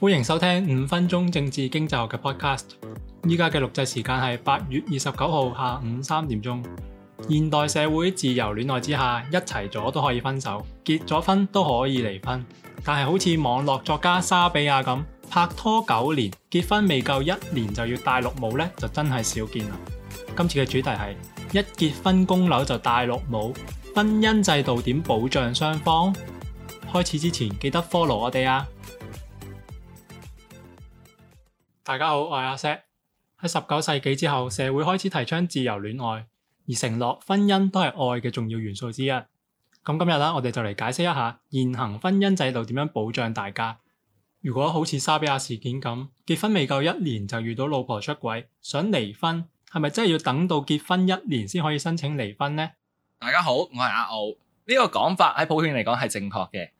歡迎收聽五分鐘政治經濟學嘅 podcast，依家嘅錄製時間係八月二十九號下午三點鐘。現代社會自由戀愛之下，一齊咗都可以分手，結咗婚都可以離婚，但係好似網絡作家莎比亞咁拍拖九年，結婚未夠一年就要戴綠帽呢，就真係少見啦。今次嘅主題係一結婚供樓就戴綠帽，婚姻制度點保障雙方？開始之前記得 follow 我哋啊！大家好，我係阿 Sir。喺十九世紀之後，社會開始提倡自由戀愛，而承諾婚姻都係愛嘅重要元素之一。咁今日咧，我哋就嚟解釋一下現行婚姻制度點樣保障大家。如果好似莎比亞事件咁，結婚未夠一年就遇到老婆出軌，想離婚係咪真係要等到結婚一年先可以申請離婚呢？大家好，我係阿奧。呢個講法喺普遍嚟講係正確嘅。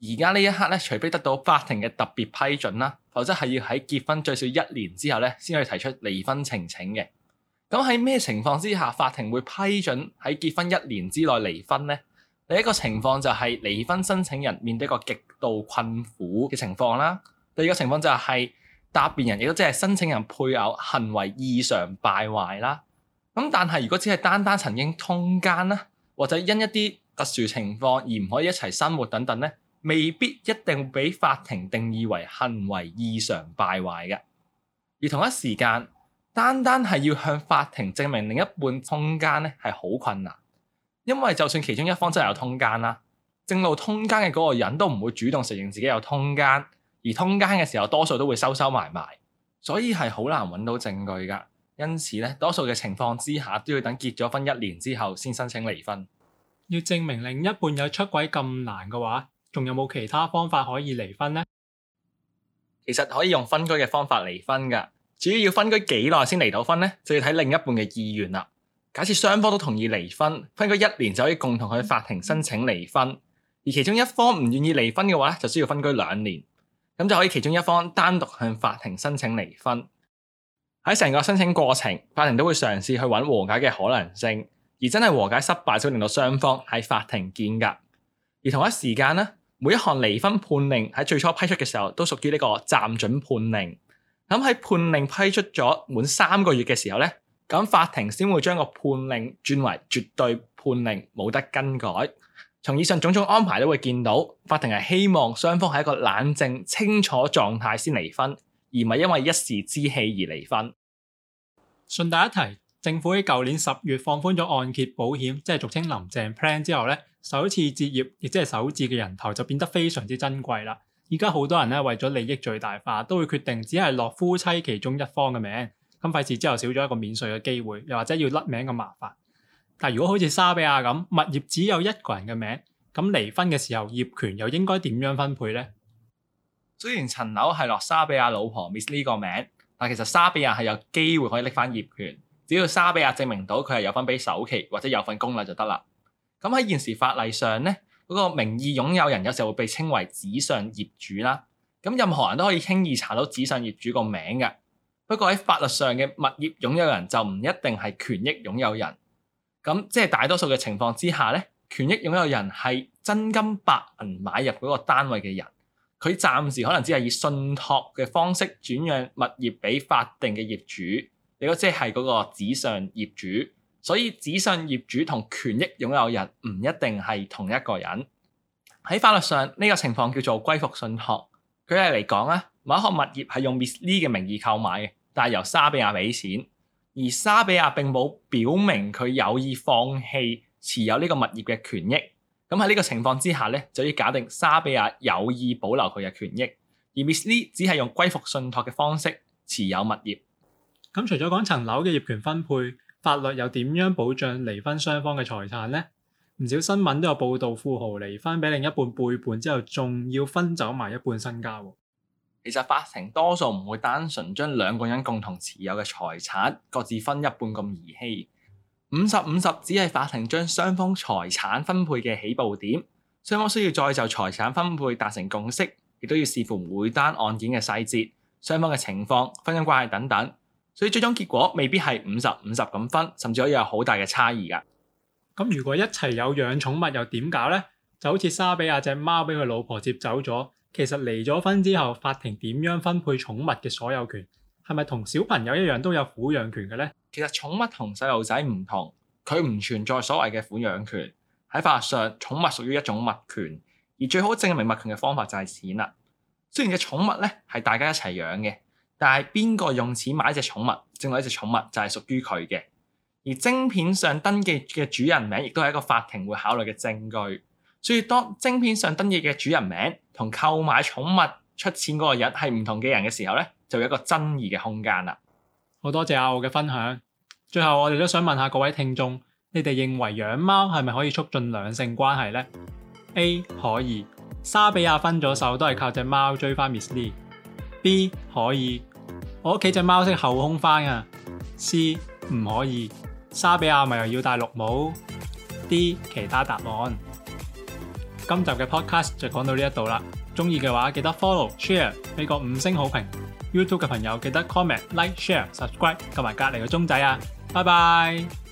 而家呢一刻咧，除非得到法庭嘅特別批准啦。否則係要喺結婚最少一年之後咧，先可以提出離婚呈請嘅。咁喺咩情況之下，法庭會批准喺結婚一年之內離婚呢？第一個情況就係離婚申請人面對一個極度困苦嘅情況啦。第二個情況就係答辯人亦都即係申請人配偶行為異常敗壞啦。咁但係如果只係單單曾經通奸啦，或者因一啲特殊情況而唔可以一齊生活等等呢，未必一定俾法庭定義為行為異常敗壞嘅，而同一時間，單單係要向法庭證明另一半通奸咧，係好困難。因為就算其中一方真係有通奸啦，正路通奸嘅嗰個人都唔會主動承認自己有通奸，而通奸嘅時候多數都會收收埋埋，所以係好難揾到證據㗎。因此咧，多數嘅情況之下都要等結咗婚一年之後先申請離婚。要證明另一半有出軌咁難嘅話，仲有冇其他方法可以離婚呢？其實可以用分居嘅方法離婚噶。至於要，要分居幾耐先離到婚呢，就要睇另一半嘅意願啦。假設雙方都同意離婚，分居一年就可以共同去法庭申請離婚。而其中一方唔願意離婚嘅話就需要分居兩年，咁就可以其中一方單獨向法庭申請離婚。喺成個申請過程，法庭都會嘗試去揾和解嘅可能性，而真係和解失敗，就會令到雙方喺法庭見噶。而同一時間呢。每一項離婚判令喺最初批出嘅時候，都屬於呢個暫準判令。咁喺判令批出咗滿三個月嘅時候咧，咁法庭先會將個判令轉為絕對判令，冇得更改。從以上種種安排都會見到，法庭係希望雙方喺一個冷靜、清楚狀態先離婚，而唔係因為一時之氣而離婚。順帶一提。政府喺舊年十月放寬咗按揭保險，即係俗稱林鄭 Plan 之後咧，首次置業亦即係首置嘅人頭就變得非常之珍貴啦。而家好多人咧為咗利益最大化，都會決定只係落夫妻其中一方嘅名，咁費事之後少咗一個免稅嘅機會，又或者要甩名咁麻煩。但如果好似莎比亞咁，物業只有一個人嘅名，咁離婚嘅時候業權又應該點樣分配咧？雖然層樓係落莎比亞老婆 Miss 呢個名，但其實莎比亞係有機會可以拎翻業權。只要沙比亞證明到佢係有份俾首期或者有份供樓就得啦。咁喺現時法例上咧，嗰、嗰個名義擁有人有時候會被稱為紙上業主啦。咁任何人都可以輕易查到紙上業主個名嘅。不過喺法律上嘅物業擁有人就唔一定係權益擁有人。咁即係大多數嘅情況之下咧，權益擁有人係真金白銀買入嗰個單位嘅人。佢暫時可能只係以信託嘅方式轉讓物業俾法定嘅業主。你嗰即係嗰個紙上業主，所以紙上業主同權益擁有人唔一定係同一個人。喺法律上呢個情況叫做歸復信託。舉例嚟講啊，某一項物業係用 Miss Lee 嘅名義購買嘅，但係由莎比亞俾錢，而莎比亞並冇表明佢有意放棄持有呢個物業嘅權益。咁喺呢個情況之下咧，就要假定莎比亞有意保留佢嘅權益，而 Miss Lee 只係用歸復信託嘅方式持有物業。咁除咗講層樓嘅業權分配，法律又點樣保障離婚雙方嘅財產呢？唔少新聞都有報道，富豪離婚俾另一半背叛之後，仲要分走埋一半身家。其實法庭多數唔會單純將兩個人共同持有嘅財產各自分一半咁兒戲，五十五十只係法庭將雙方財產分配嘅起步點。雙方需要再就財產分配達成共識，亦都要視乎每單案件嘅細節、雙方嘅情況、婚姻關係等等。所以最終結果未必係五十五十咁分，甚至可以有好大嘅差異噶。咁如果一齊有養寵物又點搞呢？就好似莎比亞隻貓俾佢老婆接走咗，其實離咗婚之後，法庭點樣分配寵物嘅所有權？係咪同小朋友一樣都有撫養權嘅呢？其實寵物同細路仔唔同，佢唔存在所謂嘅撫養權。喺法律上，寵物屬於一種物權，而最好證明物權嘅方法就係錢啦。雖然嘅寵物咧係大家一齊養嘅。但係邊個用錢買一隻寵物，證為一隻寵物就係屬於佢嘅。而晶片上登記嘅主人名，亦都係一個法庭會考慮嘅證據。所以當晶片上登記嘅主人名同購買寵物出錢嗰個人係唔同嘅人嘅時候咧，就有一個爭議嘅空間啦。好多謝阿奧嘅分享。最後我哋都想問下各位聽眾，你哋認為養貓係咪可以促進兩性關係呢？A，可以，莎比亞分咗手都係靠隻貓追翻 Miss Lee。B 可以，我屋企隻貓識後空翻啊！C 唔可以，莎比亞咪又要戴綠帽？D 其他答案。今集嘅 podcast 就講到呢一度啦，中意嘅話記得 follow share 俾個五星好評。YouTube 嘅朋友記得 comment like share subscribe 同埋隔籬嘅鐘仔啊！拜拜。